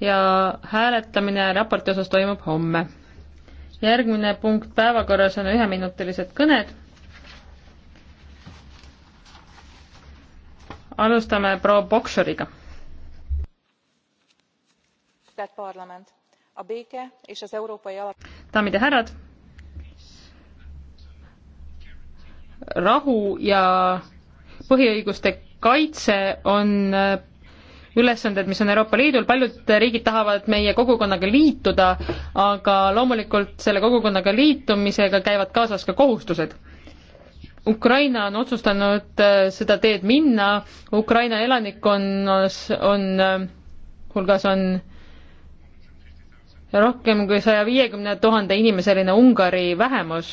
ja hääletamine raporti osas toimub homme. järgmine punkt päevakorras on üheminutilised kõned. alustame proua Boksoriga. daamid ja härrad, rahu ja põhiõiguste kaitse on ülesanded, mis on Euroopa Liidul, paljud riigid tahavad meie kogukonnaga liituda, aga loomulikult selle kogukonnaga liitumisega käivad kaasas ka kohustused. Ukraina on otsustanud äh, seda teed minna, Ukraina elanikkonnas on, on, äh, hulgas on rohkem kui saja viiekümne tuhande inimeseline Ungari vähemus,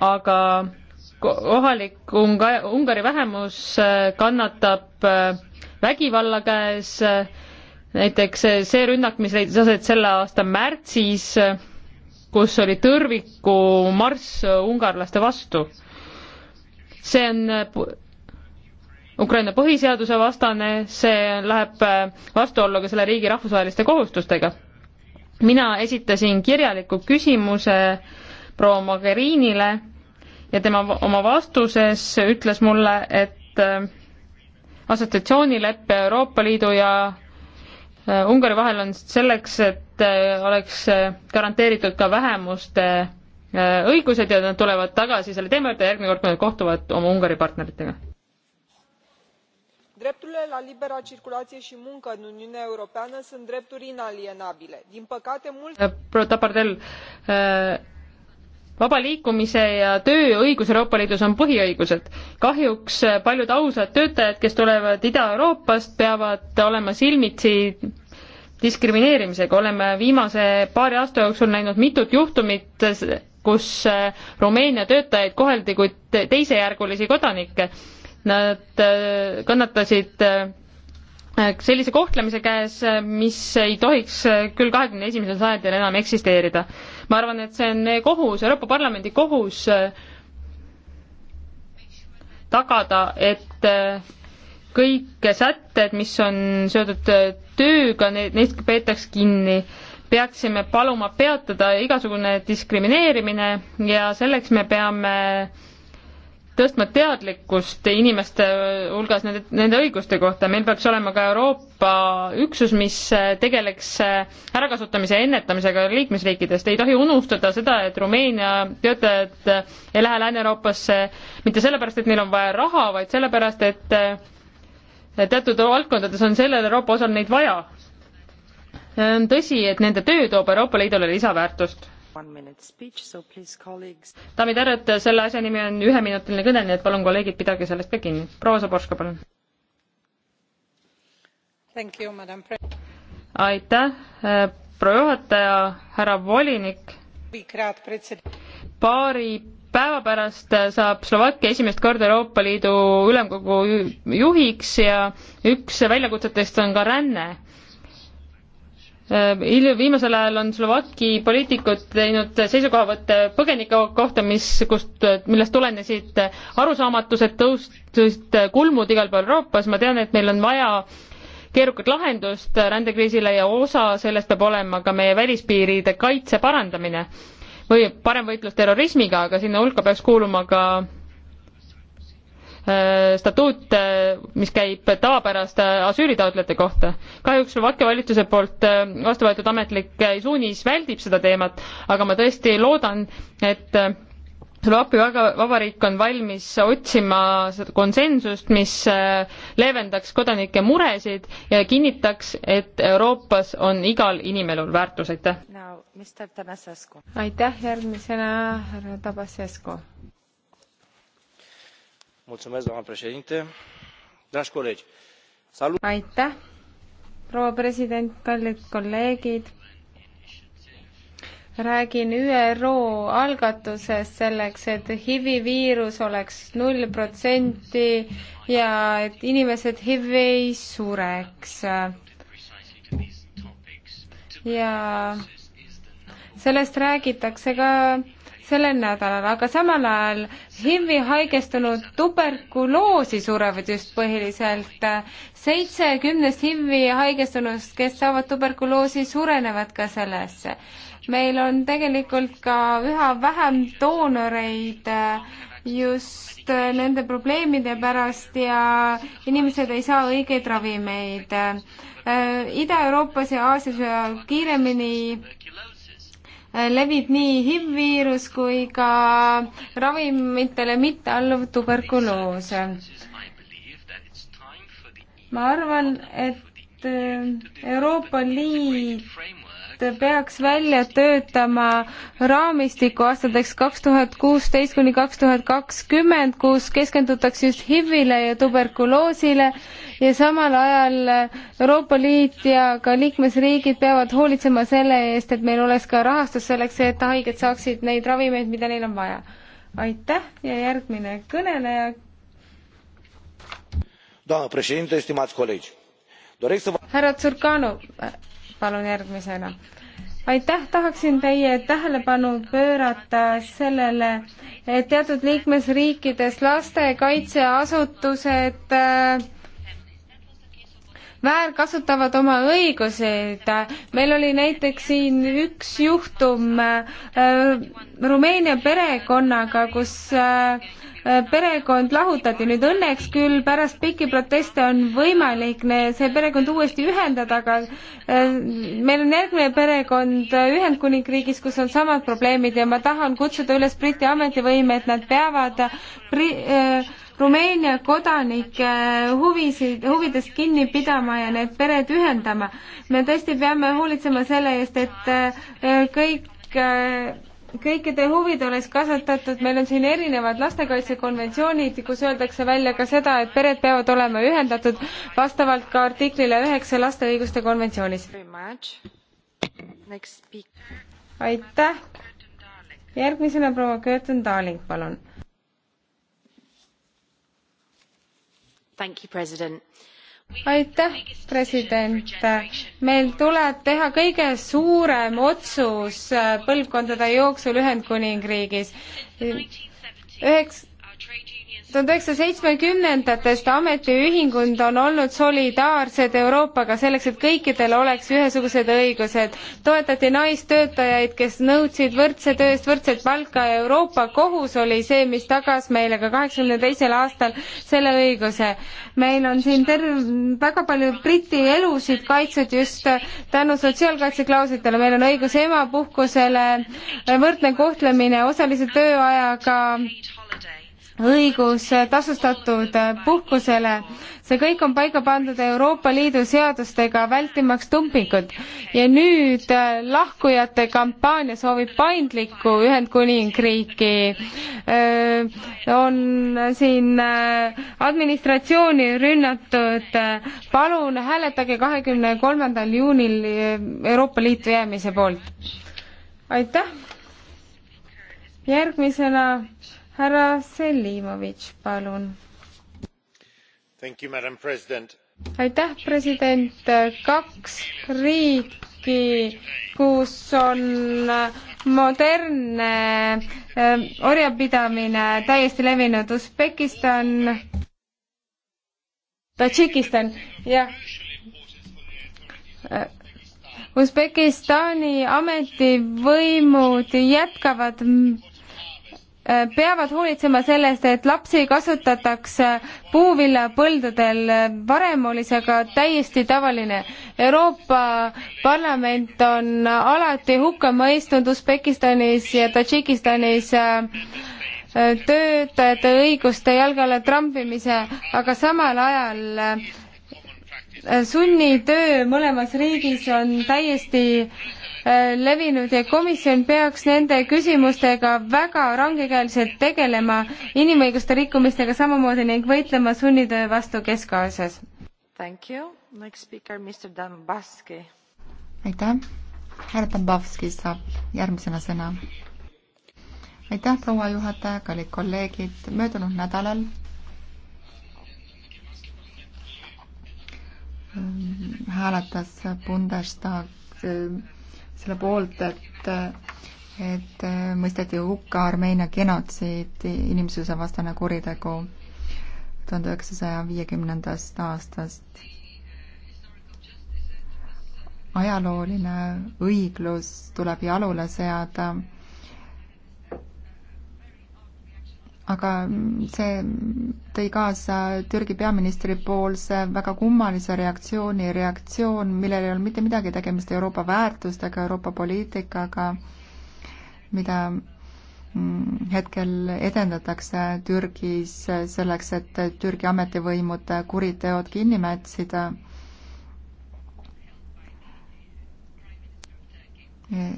aga kohalik Unga-, Ungari vähemus äh, kannatab äh, vägivalla käes, näiteks see rünnak, mis leidis aset selle aasta märtsis, kus oli tõrviku marss ungarlaste vastu. see on Ukraina põhiseaduse vastane, see läheb vastuollu ka selle riigi rahvusvaheliste kohustustega. mina esitasin kirjaliku küsimuse proua Mogherinile ja tema oma vastuses ütles mulle, et assotsiatsioonileppe Euroopa Liidu ja äh, Ungari vahel on selleks, et äh, oleks äh, garanteeritud ka vähemuste õigused ja nad tulevad tagasi selle teema juurde järgmine kord, kui nad kohtuvad oma Ungari partneritega. drepturile la libera circulație și muncă în Uniunea Europeană sunt drepturi inalienabile. Din păcate, mulți vaba liikumise ja tööõigus Euroopa Liidus on põhiõigused. kahjuks paljud ausad töötajad, kes tulevad Ida-Euroopast, peavad olema silmitsi diskrimineerimisega, oleme viimase paari aasta jooksul näinud mitut juhtumit, kus Rumeenia töötajaid koheldi kui teisejärgulisi kodanikke. Nad äh, kannatasid äh, sellise kohtlemise käes, mis ei tohiks küll kahekümne esimesel sajandil enam eksisteerida ma arvan, et see on meie kohus, Euroopa Parlamendi kohus äh, tagada, et äh, kõik sätted, mis on seotud äh, tööga, neist peetaks kinni. peaksime paluma peatada igasugune diskrimineerimine ja selleks me peame tõstma teadlikkust inimeste hulgas nende, nende õiguste kohta, meil peaks olema ka Euroopa üksus, mis tegeleks ärakasutamise ennetamisega liikmesriikidest, ei tohi unustada seda, et Rumeenia töötajad ei lähe Lääne-Euroopasse mitte sellepärast, et neil on vaja raha, vaid sellepärast, et teatud valdkondades on sellel Euroopa osal neid vaja. tõsi, et nende töö toob Euroopa Liidule lisaväärtust daamid ja härrad, selle asja nimi on üheminutiline kõne, nii et palun, kolleegid, pidage sellest ka kinni. proua Zaborska, palun. aitäh, äh, proua juhataja, härra volinik. paari päeva pärast äh, saab Slovakkia esimest korda Euroopa Liidu ülemkogu juhiks ja üks väljakutsetest on ka ränne Äh, hilju, viimasel ajal on Slovakki poliitikud teinud seisukohavõtte põgenike kohta, mis, kust, millest tulenesid arusaamatused, tõustusid kulmud igal pool Euroopas, ma tean, et meil on vaja keerukat lahendust rändekriisile ja osa sellest peab olema ka meie välispiiride kaitse parandamine või parem võitlus terrorismiga, aga sinna hulka peaks kuuluma ka Äh, statuut, äh, mis käib tavapäraste asüülitaotlejate kohta. kahjuks Slovakkia valitsuse poolt äh, vastu võetud ametlik suunis väldib seda teemat, aga ma tõesti loodan, et Slovakkia vabariik on valmis otsima konsensust, mis leevendaks kodanike muresid ja kinnitaks, et Euroopas on igal inimelul väärtus, aitäh! aitäh, järgmisena härra Tabasescu doamnă președintă dragi colegi salut. aitäh proua president kallid kolleegid räägin üro algatusest selleks et hivi viirus oleks null protsenti ja et inimesed hiv ei sureks ja sellest räägitakse ka sellel nädalal, aga samal ajal HIV-i haigestunud tuberkuloosi surevad just põhiliselt. seitse kümnest HIV-i haigestunust, kes saavad tuberkuloosi, surenevad ka sellesse. meil on tegelikult ka üha vähem doonoreid äh, just äh, nende probleemide pärast ja inimesed ei saa õigeid ravimeid. Äh, Ida-Euroopas ja Aasias kiiremini Äh, levib nii HIV-viirus kui ka ravimitele mittealluv tuberkuloos. ma arvan, et äh, Euroopa Liit peaks välja töötama raamistiku aastateks kaks tuhat kuusteist kuni kaks tuhat kakskümmend, kus keskendutakse just HIV-ile ja tuberkuloosile ja samal ajal Euroopa Liit ja ka liikmesriigid peavad hoolitsema selle eest, et meil oleks ka rahastus selleks, et haiged saaksid neid ravimeid, mida neil on vaja. aitäh ja järgmine kõneleja. härra Tsurkanu, palun järgmisena aitäh, tahaksin teie tähelepanu pöörata sellele, et teatud liikmesriikides lastekaitseasutused äh, väärkasutavad oma õiguseid. meil oli näiteks siin üks juhtum äh, Rumeenia perekonnaga, kus äh, perekond lahutati, nüüd õnneks küll pärast pikki proteste on võimalik see perekond uuesti ühendada, aga äh, meil on järgmine perekond Ühendkuningriigis, kus on samad probleemid ja ma tahan kutsuda üles Briti ametivõime, et nad peavad pri-, Rumeenia kodanike huvisid, huvidest kinni pidama ja need pered ühendama. me tõesti peame hoolitsema selle eest, et eh, kõik eh, kõikide huvid oleks kasvatatud, meil on siin erinevad lastekaitsekonventsioonid, kus öeldakse välja ka seda, et pered peavad olema ühendatud vastavalt ka artiklile üheksa laste õiguste konventsioonis. aitäh! järgmisena proua Gerten Darling, palun aitäh, president. meil tuleb teha kõige suurem otsus põlvkondade jooksul Ühendkuningriigis. üheks, tuhande üheksasaja seitsmekümnendatest ametiühingud on olnud solidaarsed Euroopaga selleks, et kõikidel oleks ühesugused õigused. toetati naistöötajaid, kes nõudsid võrdse töö eest võrdset palka ja Euroopa Kohus oli see, mis tagas meile ka kaheksakümne teisel aastal selle õiguse. meil on siin terve, väga palju Briti elusid kaitsnud just tänu sotsiaalkaitseklauslitele, meil on õigus emapuhkusele, võrdne kohtlemine osalise tööajaga, õigus tasustatud puhkusele. see kõik on paika pandud Euroopa Liidu seadustega, vältimaks dumpingut. ja nüüd äh, lahkujate kampaania soovib paindlikku Ühendkuningriiki. Äh, on siin äh, administratsiooni rünnatud. palun hääletage kahekümne kolmandal juunil Euroopa Liitu jäämise poolt. aitäh. järgmisena härra Selimovitš, palun. aitäh, president. kaks riiki, kus on modernne ähm, orjapidamine täiesti levinud, Usbekistan, Tadžikistan, jah Usbekistani ametivõimud jätkavad peavad hoolitsema sellest, et lapsi kasutataks puuviljapõldudel. varem oli see aga täiesti tavaline. Euroopa Parlament on alati hukka mõistnud Usbekistanis ja Tadžikistanis äh, töötajate õiguste jalge alla trampimise, aga samal ajal äh, sunnitöö mõlemas riigis on täiesti äh, Äh, levinud ja komisjon peaks nende küsimustega väga rangekäeliselt tegelema, inimõiguste rikkumistega samamoodi ning võitlema sunnitöö vastu Kesk-Aasias. aitäh, härra Dombovski saab järgmisena sõna. aitäh, proua juhataja, kallid kolleegid, möödunud nädalal hääletas Bundestag äh, selle poolt, et et mõisteti hukka Armeenia genotsiid, inimsusevastane kuritegu tuhande üheksasaja viiekümnendast aastast. ajalooline õiglus tuleb jalule seada aga see tõi kaasa Türgi peaministri poolse väga kummalise reaktsiooni, reaktsioon, millel ei olnud mitte midagi tegemist Euroopa väärtustega, Euroopa poliitikaga, mida mm, hetkel edendatakse Türgis selleks, et Türgi ametivõimud kuriteod kinni mätsida.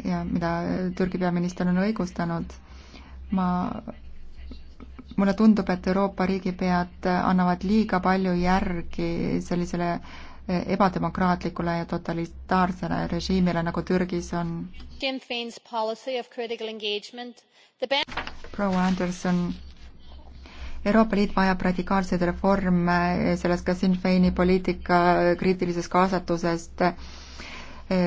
ja mida Türgi peaminister on õigustanud. ma mulle tundub, et Euroopa riigipead annavad liiga palju järgi sellisele e, ebademokraatlikule ja totalitaarsele režiimile, nagu Türgis on. proua Anderson, Euroopa Liit vajab radikaalseid reforme e, selles ka Sinn Feini poliitika kriitilisest kaasatusest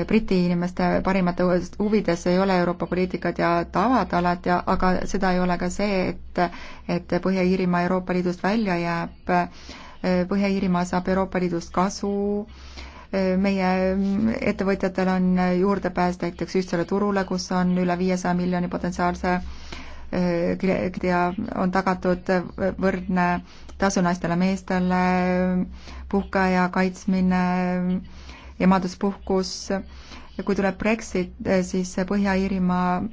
Briti inimeste parimate huvides ei ole Euroopa poliitikad ja tavad alati, aga seda ei ole ka see, et, et Põhja-Iirimaa Euroopa Liidust välja jääb. Põhja-Iirimaa saab Euroopa Liidust kasu, meie ettevõtjatel on juurdepääs näiteks ühtsele turule, kus on üle viiesaja miljoni potentsiaalse ja on tagatud võrdne tasu naistele-meestele, puhkeaja kaitsmine, emaduspuhkus. kui tuleb Brexit, eh, siis Põhja-Iirimaa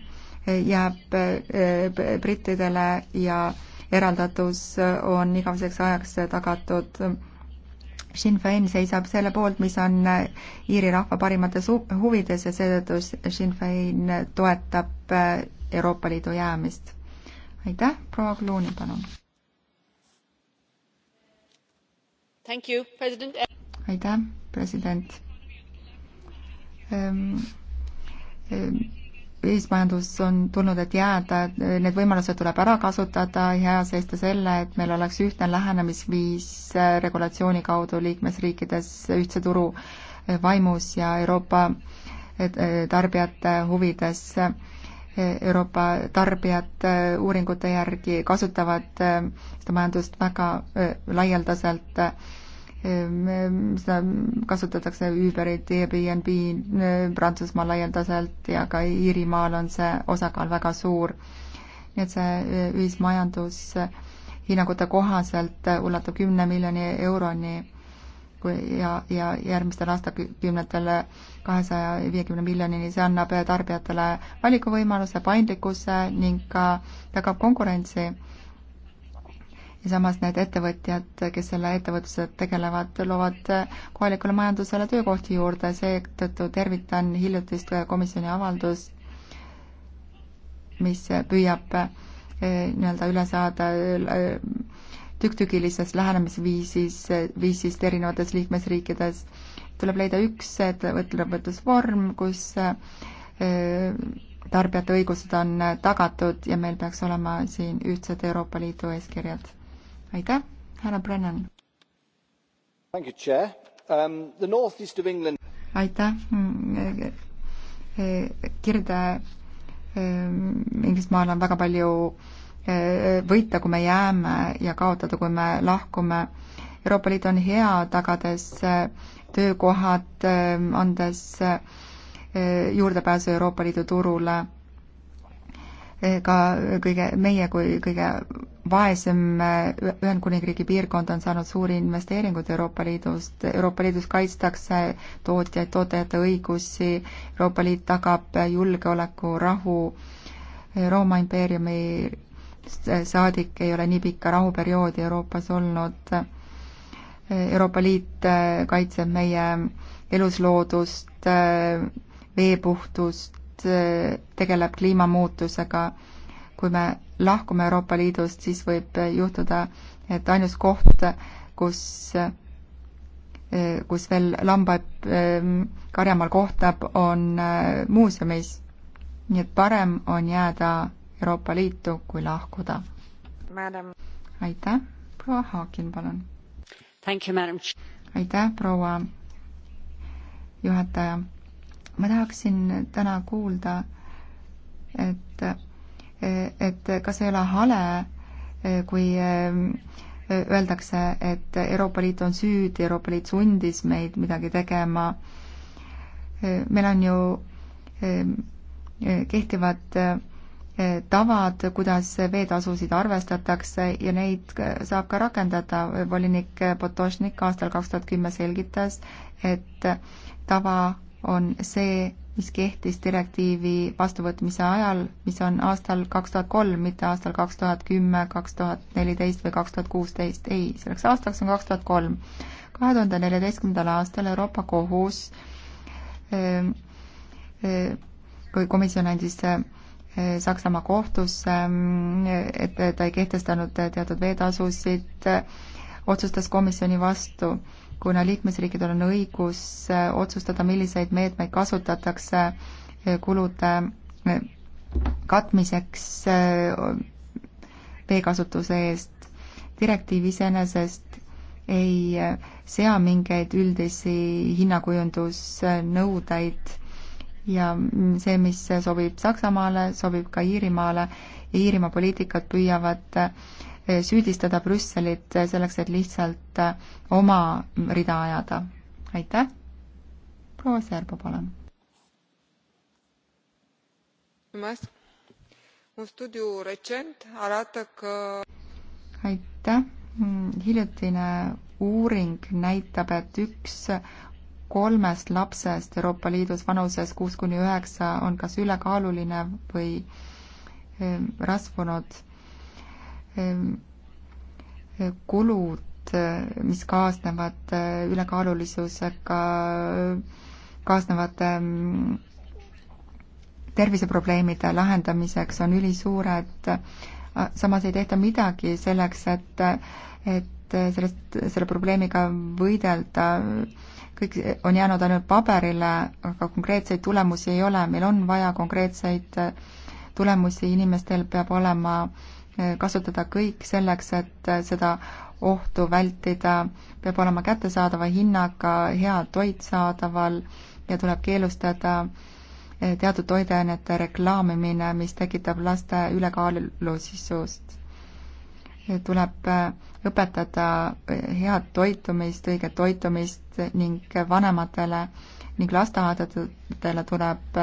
eh, jääb eh, brittidele ja eraldatus on igaveseks ajaks tagatud. Sinn Fein seisab selle poolt, mis on Iiri rahva parimates huvides ja seetõttu Sinn Fein toetab Euroopa Liidu jäämist. aitäh, proua Kluuni, palun. aitäh, president Ehm, ehm, ühismajandus on tulnud, et jääda, need võimalused tuleb ära kasutada ja seista selle, et meil oleks ühtne lähenemisviis äh, regulatsiooni kaudu liikmesriikides ühtse turu äh, vaimus ja Euroopa äh, tarbijate huvides. Euroopa tarbijad uuringute järgi kasutavad seda majandust väga laialdaselt seda kasutatakse Uberit, Airbnb eh, Prantsusmaal laialdaselt ja ka Iirimaal on see osakaal väga suur. nii et see eh, ühismajandus eh, hinnangute kohaselt ulatub kümne miljoni euroni kui ja, ja järgmistel aastakümnetel kahesaja viiekümne miljonini, see annab tarbijatele valikuvõimaluse, paindlikkuse ning ka tagab konkurentsi ja samas need ettevõtjad, kes selle ettevõtlusega tegelevad, loovad kohalikule majandusele töökohti juurde, seetõttu tervitan hiljutist komisjoni avaldust, mis püüab eh, nii-öelda üle saada eh, tükk-tükilisest lähenemisviisis, viisist erinevates liikmesriikides. tuleb leida üks ettevõtlusvorm, kus eh, tarbijate õigused on tagatud ja meil peaks olema siin ühtsed Euroopa Liidu eeskirjad aitäh, härra Brennan. Um, aitäh, mm, e, e, e, Kirde Inglismaal on väga palju võita, kui me jääme ja kaotada, kui me lahkume. Euroopa Liit on hea, tagades töökohad, andes juurdepääsu Euroopa Liidu turule ka kõige, meie kui kõige vaesem Ühendkuningriigi piirkond on saanud suuri investeeringuid Euroopa Liidust, Euroopa Liidus kaitstakse tootjaid, tootjate õigusi, Euroopa Liit tagab julgeoleku, rahu, Rooma impeeriumi saadik ei ole nii pikka rahuperioodi Euroopas olnud, Euroopa Liit kaitseb meie elusloodust, veepuhtust, Eh, tegeleb kliimamuutusega. kui me lahkume Euroopa Liidust, siis võib juhtuda, et ainus koht, kus, eh, kus veel lambaid eh, karjamaal kohtab, on muuseumis. nii et parem on jääda Euroopa Liitu, kui lahkuda. aitäh, proua Haakin, palun. aitäh, proua juhataja ma tahaksin täna kuulda, et, et kas ei ole hale, kui eh, öeldakse, et Euroopa Liit on süüdi, Euroopa Liit sundis meid midagi tegema. Eh, meil on ju eh, kehtivad tavad, kuidas veetasusid arvestatakse ja neid saab ka rakendada. volinik Potošnik aastal kaks tuhat kümme selgitas, et tava on see, mis kehtis direktiivi vastuvõtmise ajal, mis on aastal kaks tuhat kolm, mitte aastal kaks tuhat kümme, kaks tuhat neliteist või kaks tuhat kuusteist, ei, selleks aastaks on kaks tuhat kolm. kahe tuhande neljateistkümnendal aastal Euroopa Kohus kui komisjon andis Saksamaa kohtusse, et ta ei kehtestanud teatud veetasusid, otsustas komisjoni vastu kuna liikmesriikidel on õigus äh, otsustada, milliseid meetmeid kasutatakse äh, kulude äh, katmiseks veekasutuse eest. direktiiv iseenesest ei sea mingeid üldisi hinnakujundusnõudeid ja see, mis sobib Saksamaale, sobib ka Iirimaale ja Iirimaa poliitikad püüavad äh, Eh, süüdistada Brüsselit eh, selleks, et lihtsalt eh, oma rida ajada. aitäh, proua Serbo, palun. aitäh, mm, hiljutine uuring näitab, et üks kolmest lapsest Euroopa Liidus vanuses kuus kuni üheksa on kas ülekaaluline või rasvunud Eh, kulud, eh, mis kaasnevad eh, ülekaalulisusega, kaasnevate terviseprobleemide lahendamiseks on ülisuured, ah, samas ei tehta midagi selleks, et, et sellest, selle probleemiga võidelda. kõik on jäänud ainult paberile, aga konkreetseid tulemusi ei ole, meil on vaja konkreetseid tulemusi, inimestel peab olema äh, Eh, kasutada kõik selleks, et eh, seda ohtu vältida, peab olema kättesaadava hinnaga hea toit saadaval ja tuleb keelustada eh, teatud toideainete reklaamimine, mis tekitab laste ülekaalulisust. tuleb õpetada head toitumist, õiget toitumist ning vanematele ning lasteaedadele tuleb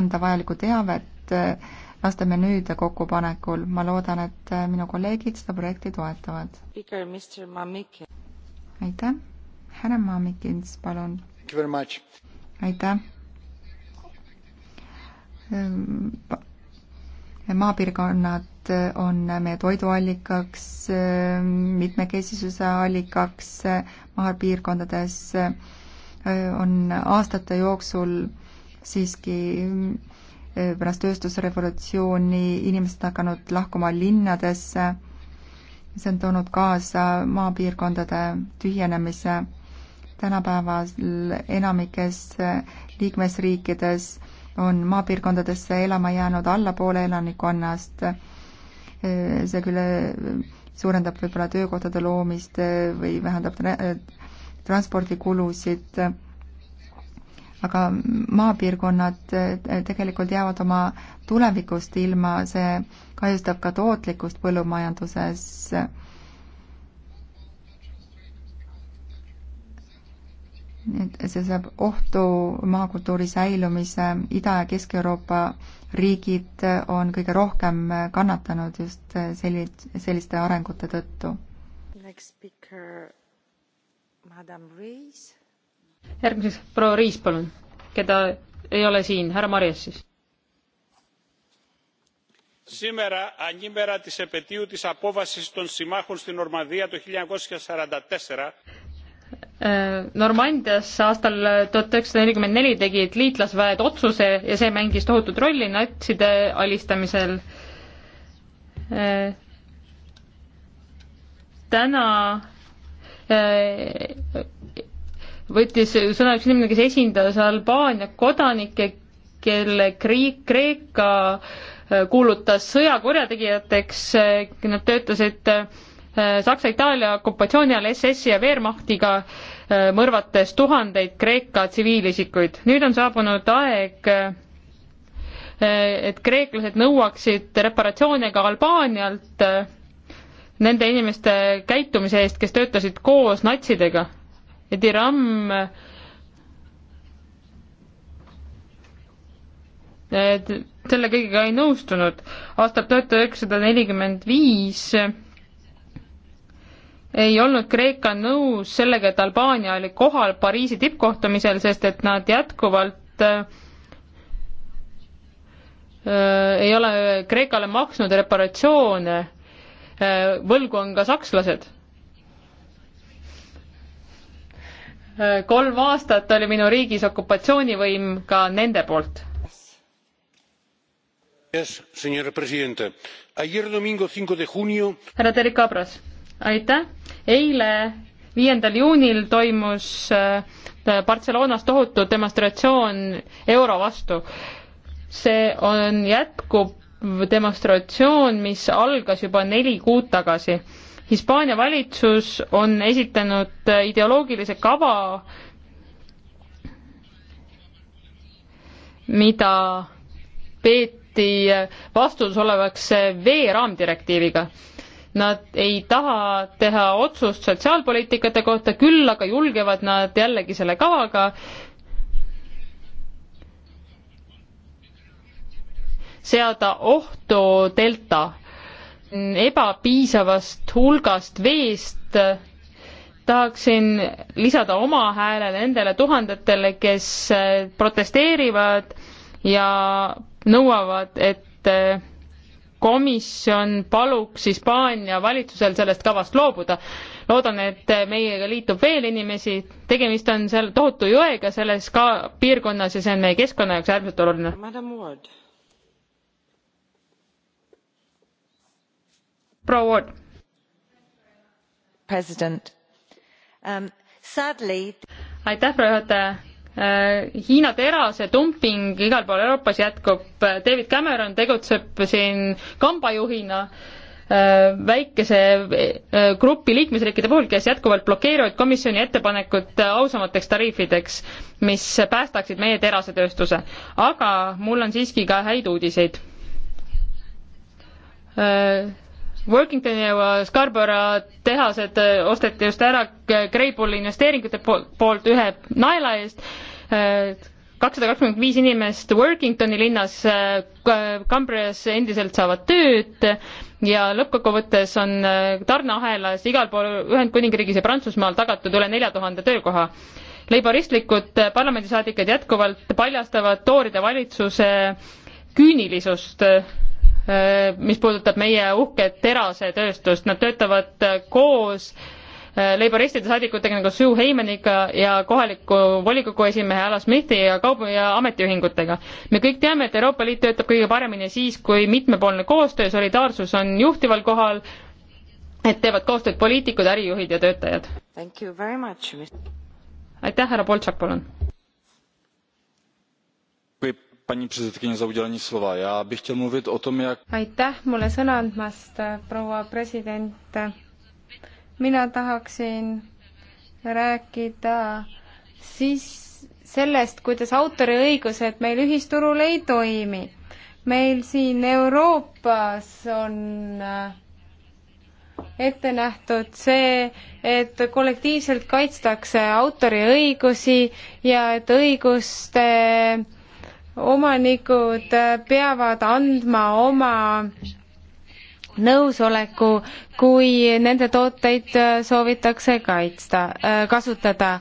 anda vajalikku teavet laste menüüde kokkupanekul. ma loodan, et minu kolleegid seda projekti toetavad. aitäh, härra Mamikins, palun. aitäh. Ehm, maapiirkonnad on meie toiduallikaks, ehm, mitmekesisuse allikaks, maapiirkondades ehm, on aastate jooksul siiski pärast tööstusrevolutsiooni inimesed hakanud lahkuma linnadesse, see on toonud kaasa maapiirkondade tühjenemise. tänapäeval enamikes liikmesriikides on maapiirkondadesse elama jäänud alla poole elanikkonnast, see küll suurendab võib-olla töökohtade loomist või vähendab transpordikulusid aga maapiirkonnad eh, eh, tegelikult jäävad oma tulevikust ilma, see kahjustab ka tootlikkust põllumajanduses. et see seab ohtu maakultuuri säilumise, Ida- ja Kesk-Euroopa riigid on kõige rohkem kannatanud just eh, selli-, selliste arengute tõttu. Next speaker, Madam Reis järgmiseks proua Riis, palun, keda ei ole siin, härra Marjas siis. Σήμερα ανήμερα της επαιτίου της απόβασης των συμμάχων στην Ορμανδία το 1944. Normandias aastal tuhat üheksasada nelikümmend neli tegid liitlasväed otsuse ja see mängis tohutut rolli natside alistamisel. E, täna e, võttis sõna üks inimene, kes esindas Albaania kodanikke, kelle kriik, Kreeka äh, kuulutas sõjakurjategijateks, äh, nad töötasid äh, Saksa-Itaalia okupatsiooni ajal SS-i ja Wehrmachtiga, mõrvates tuhandeid Kreeka tsiviilisikuid. nüüd on saabunud aeg et kreeklased nõuaksid reparatsioone ka Albaanialt nende inimeste käitumise eest, kes töötasid koos natsidega ja Tiram et selle kõigega ei nõustunud. aastal tuhat üheksasada nelikümmend viis ei olnud Kreeka nõus sellega, et Albaania oli kohal Pariisi tippkohtumisel, sest et nad jätkuvalt äh, ei ole Kreekale maksnud reparatsioone äh,. võlgu on ka sakslased kolm aastat oli minu riigis okupatsioonivõim ka nende poolt. härra Terik Abras, aitäh. eile, viiendal juunil toimus äh, Barcelonas tohutu demonstratsioon euro vastu. see on jätkuv demonstratsioon, mis algas juba neli kuud tagasi Hispaania valitsus on esitanud äh, ideoloogilise kava, mida peeti äh, vastuolus olevaks äh, veeraamdirektiiviga. Nad ei taha teha otsust sotsiaalpoliitikate kohta, küll aga julgevad nad jällegi selle kavaga seada ohtu delta ebapiisavast hulgast veest, tahaksin lisada oma hääle nendele tuhandetele, kes äh, protesteerivad ja nõuavad, et äh, komisjon paluks Hispaania valitsusel sellest kavast loobuda. loodan, et äh, meiega liitub veel inimesi, tegemist on seal tohutu jõega selles ka piirkonnas ja see on meie keskkonna jaoks äärmiselt oluline. proua Wood. president um,. Sadly... aitäh, proua juhataja. Äh, Hiina terase dumping igal pool Euroopas jätkub. David Cameron tegutseb siin kambajuhina äh, väikese äh, grupi liikmesriikide puhul, kes jätkuvalt blokeerivad komisjoni ettepanekut ausamateks tariifideks, mis päästaksid meie terasetööstuse. aga mul on siiski ka häid uudiseid Workingtoni ja Scarborough tehased eh, osteti just ära Greybulli investeeringute poolt ühe naela eest. Eh, kakssada kakskümmend viis inimest Workingtoni linnas eh, Cambrias endiselt saavad tööd ja lõppkokkuvõttes on tarneahelas igal pool Ühendkuningriigis ja Prantsusmaal tagatud üle nelja tuhande töökoha. Leiboristlikud parlamendisaadikud jätkuvalt paljastavad tooride valitsuse küünilisust Äh, mis puudutab meie uhket terasetööstust, nad töötavad äh, koos äh, leiboristide saadikutega nagu Sue Heimaniga ja kohaliku volikogu esimehe Alas Smithi ja kaub- ja ametiühingutega. me kõik teame, et Euroopa Liit töötab kõige paremini siis, kui mitmepoolne koostöö, solidaarsus on juhtival kohal, et teevad koostööd poliitikud, ärijuhid ja töötajad. aitäh, härra Boltšak, palun já bych chtěl mluvit o tom, jak... aitäh mulle sõna andmast, proua president. mina tahaksin rääkida siis sellest, kuidas autoriõigused meil ühisturul ei toimi. meil siin Euroopas on ette nähtud see, et kollektiivselt kaitstakse autoriõigusi ja et õiguste äh, omanikud peavad andma oma nõusoleku, kui nende tooteid soovitakse kaitsta, kasutada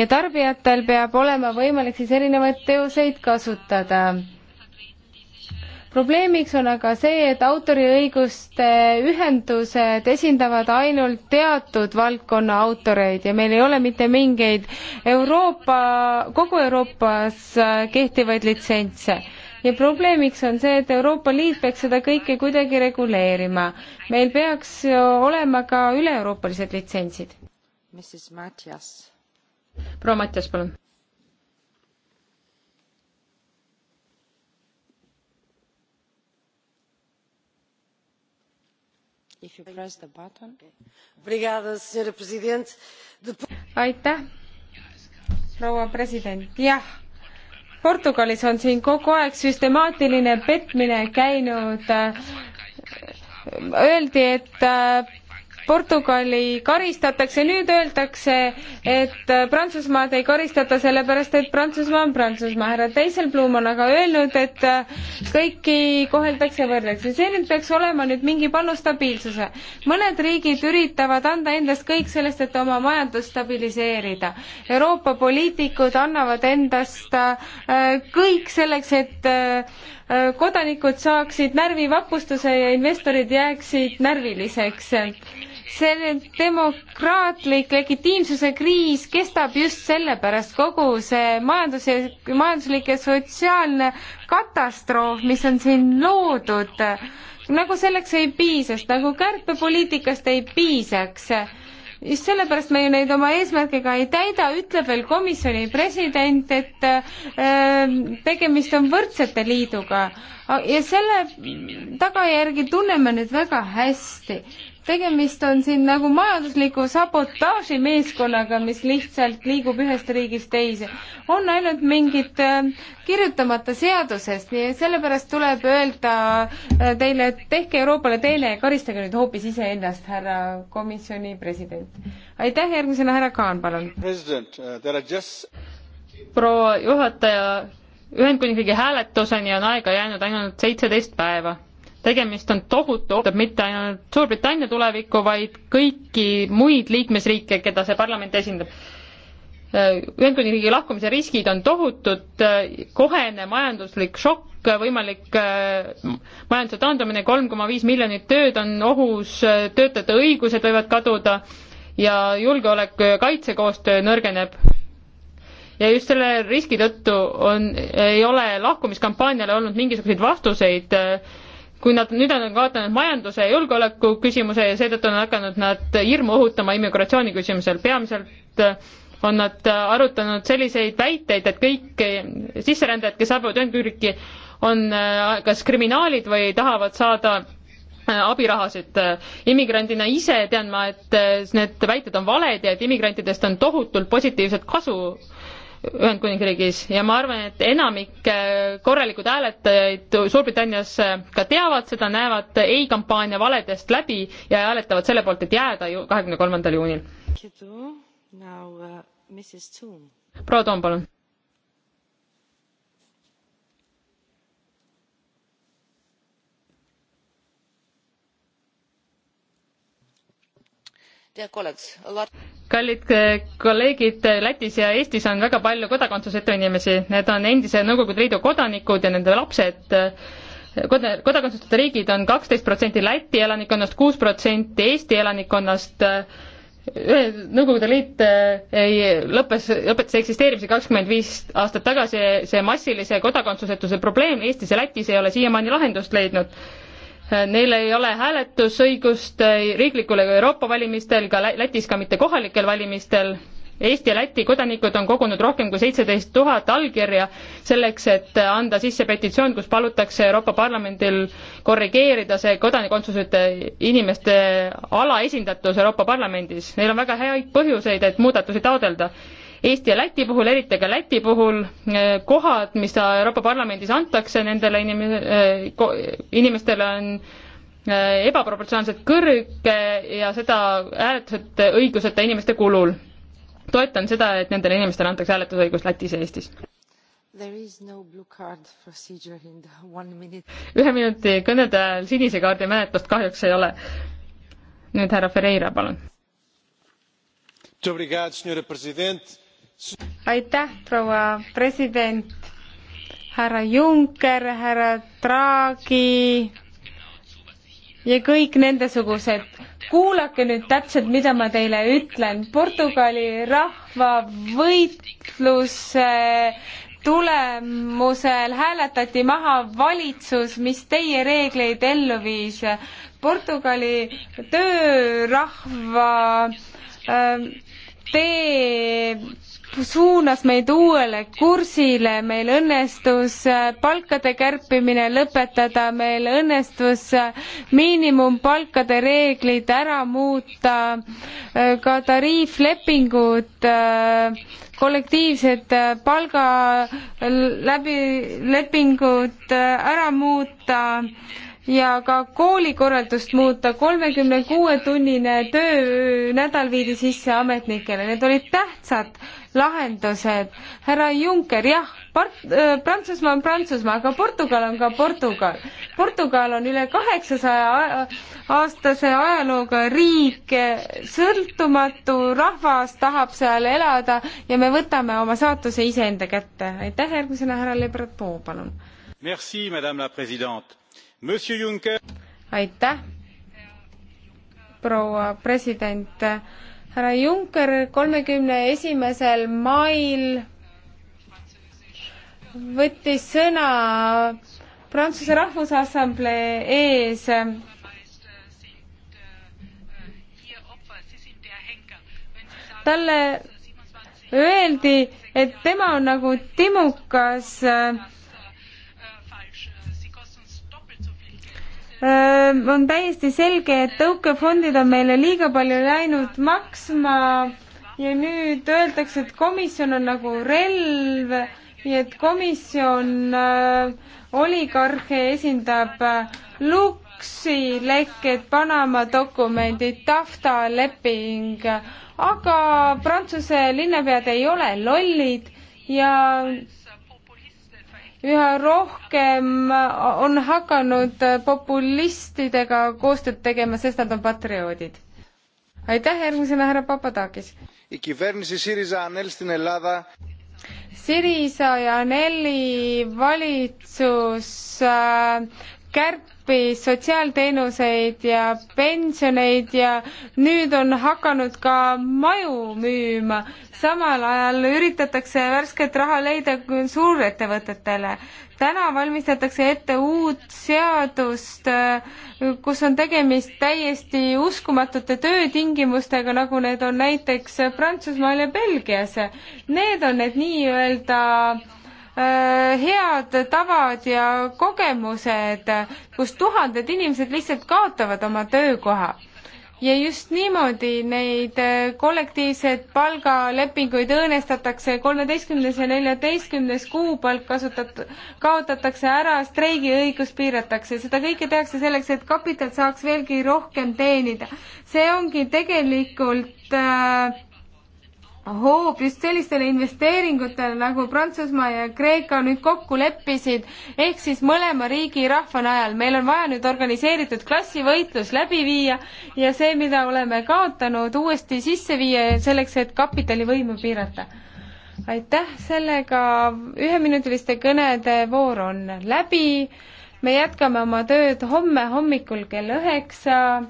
ja tarbijatel peab olema võimalik siis erinevaid teoseid kasutada probleemiks on aga see, et autoriõiguste ühendused esindavad ainult teatud valdkonna autoreid ja meil ei ole mitte mingeid Euroopa, kogu Euroopas äh, kehtivaid litsentse ja probleemiks on see, et Euroopa Liit peaks seda kõike kuidagi reguleerima. meil peaks olema ka üle-euroopalised litsentsid. proua Mattias, palun aitäh, proua president, jah, Portugalis on siin kogu aeg süstemaatiline petmine käinud. Öeldi, et äh, Portugali karistatakse, nüüd öeldakse, et äh, Prantsusmaad ei karistata sellepärast, et Prantsusmaa on Prantsusmaa. härra Teiselblum on aga öelnud, et äh, kõiki koheldakse võrdleks ja see nüüd peaks olema nüüd mingi panus stabiilsuse. mõned riigid üritavad anda endast kõik sellest, et oma majandust stabiliseerida. Euroopa poliitikud annavad endast äh, kõik selleks, et kodanikud saaksid närvivapustuse ja investorid jääksid närviliseks see demokraatlik legitiimsuse kriis kestab just sellepärast, kogu see majandus ja, majanduslik ja sotsiaalne katastroof, mis on siin loodud, nagu selleks ei piisaks, nagu kärpepoliitikast ei piisaks just sellepärast me ju neid oma eesmärkega ei täida, ütleb veel komisjoni president, et äh, tegemist on võrdsete liiduga ja selle tagajärgi tunneme nüüd väga hästi. tegemist on siin nagu majandusliku sabotaažimeeskonnaga, mis lihtsalt liigub ühest riigist teise. on ainult mingid äh, kirjutamata seadusest, nii et sellepärast tuleb öelda äh, teile, et tehke Euroopale teene ja karistage nüüd hoopis iseennast, härra komisjoni president. aitäh, järgmisena härra Kaan, palun. Uh, proua juhataja Ühendkuningriigi hääletuseni on aega jäänud ainult seitseteist päeva. tegemist on tohutu, ootab mitte ainult Suurbritannia tulevikku, vaid kõiki muid liikmesriike, keda see parlament esindab. Ühendkuningriigi lahkumise riskid on tohutud, kohene majanduslik šokk, võimalik majanduse taandumine, kolm koma viis miljonit tööd on ohus, töötajate õigused võivad kaduda ja julgeoleku ja kaitsekoostöö nõrgeneb ja just selle riski tõttu on, ei ole lahkumiskampaaniale olnud mingisuguseid vastuseid. Äh, kui nad nüüd on kaotanud majanduse ja julgeoleku küsimuse ja seetõttu on hakanud nad hirmu õhutama immigratsiooni küsimusel, peamiselt äh, on nad äh, arutanud selliseid väiteid, et kõik sisserändajad, kes saabuvad Ühendkuningriiki, on kas kriminaalid või tahavad saada abirahasid. immigrandina ise tean ma, et need väited on valed ja et immigrantidest on tohutult positiivset kasu Ühendkuningriigis ja ma arvan, et enamik äh, korralikud hääletajaid Suurbritannias äh, ka teavad seda, näevad ei-kampaania valedest läbi ja hääletavad selle poolt, et jääda ju kahekümne kolmandal juunil. Uh, proua Toom, palun kallid äh, kolleegid, äh, Lätis ja Eestis on väga palju kodakondsuseta inimesi, need on endise Nõukogude Liidu kodanikud ja nende lapsed. Äh, kod-, kodakondsuseta riigid on kaksteist protsenti Läti elanikkonnast, kuus protsenti Eesti elanikkonnast, Nõukogude Liit ei, lõppes, lõpetas eksisteerimise kakskümmend viis aastat tagasi, see massilise kodakondsusetuse probleem Eestis ja Lätis ei ole siiamaani lahendust leidnud Neil ei ole hääletusõigust riiklikul ega Euroopa valimistel, ka Lätis ka mitte kohalikel valimistel. Eesti ja Läti kodanikud on kogunud rohkem kui seitseteist tuhat allkirja selleks, et anda sisse petitsioon, kus palutakse Euroopa Parlamendil korrigeerida see kodanikotsusete inimeste alaesindatus Euroopa Parlamendis. Neil on väga häid põhjuseid, et muudatusi taodelda Eesti ja Läti puhul, eriti aga Läti puhul, eh, kohad, mis Euroopa Parlamendis antakse nendele inim-, eh, inimestele, on eh, ebaproportsionaalselt kõrge ja seda hääletused õiguseta inimeste kulul. toetan seda, et nendele inimestele antakse hääletusõigus Lätis ja Eestis. No ühe minuti kõnede ajal sinise kaardi menetlust kahjuks ei ole. nüüd härra Ferreira, palun aitäh, proua president, härra Juncker, härra Draghi ja kõik nendesugused. kuulake nüüd täpselt, mida ma teile ütlen. Portugali rahvavõitluse tulemusel hääletati maha valitsus, mis teie reegleid ellu viis. Portugali töörahva ähm, tee suunas meid uuele kursile, meil õnnestus äh, palkade kärpimine lõpetada, meil õnnestus äh, miinimumpalkade reeglid ära muuta, äh, ka tariiflepingud, kollektiivsed palgaläbi, lepingud ära muuta ja ka koolikorraldust muuta. kolmekümne kuue tunnine töönädal viidi sisse ametnikele, need olid tähtsad lahendused. härra Juncker, jah, part-, äh, Prantsusmaa on Prantsusmaa, aga Portugal on ka Portugal. Portugal on üle kaheksasaja aastase ajalooga riik, sõltumatu rahvas tahab seal elada ja me võtame oma saatuse iseenda kätte. aitäh, järgmisena härra Lebratoo, palun. Merci, madame la president aitäh, proua president. härra Juncker kolmekümne esimesel mail võttis sõna Prantsuse Rahvusassamblee ees talle öeldi, et tema on nagu timukas on täiesti selge, et tõukefondid on meile liiga palju läinud maksma ja nüüd öeldakse, et komisjon on nagu relv, nii et komisjon äh, oligarhe esindab äh, Luxi lekked, Panama dokumendid, Tafta leping, aga Prantsuse linnapead ei ole lollid ja üha rohkem on hakanud populistidega koostööd tegema, sest nad on patrioodid. aitäh, järgmisena härra Papadakis. Sirisa ja Anneli valitsus äh, kärp-, appi sotsiaalteenuseid ja pensioneid ja nüüd on hakanud ka maju müüma. samal ajal üritatakse värsket raha leida suurettevõtetele. täna valmistatakse ette uut seadust, kus on tegemist täiesti uskumatute töötingimustega, nagu need on näiteks Prantsusmaal ja Belgias. Need on need nii-öelda Äh, head tavad ja kogemused, kus tuhanded inimesed lihtsalt kaotavad oma töökoha ja just niimoodi neid äh, kollektiivseid palgalepinguid õõnestatakse, kolmeteistkümnes ja neljateistkümnes kuupalk kasutat-, kaotatakse ära, streigiõigust piiratakse, seda kõike tehakse selleks, et kapital saaks veelgi rohkem teenida. see ongi tegelikult äh, hoob just sellistele investeeringutele, nagu Prantsusmaa ja Kreeka nüüd kokku leppisid, ehk siis mõlema riigi rahva najal. meil on vaja nüüd organiseeritud klassivõitlus läbi viia ja see, mida oleme kaotanud, uuesti sisse viia selleks, et kapitali võimu piirata. aitäh, sellega üheminutiliste kõnede voor on läbi. me jätkame oma tööd homme hommikul kell üheksa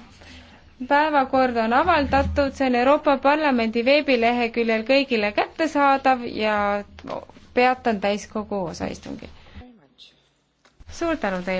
päevakord on avaldatud, see on Euroopa Parlamendi veebileheküljel kõigile kättesaadav ja peatan täiskogu osaistungi. suur tänu teile!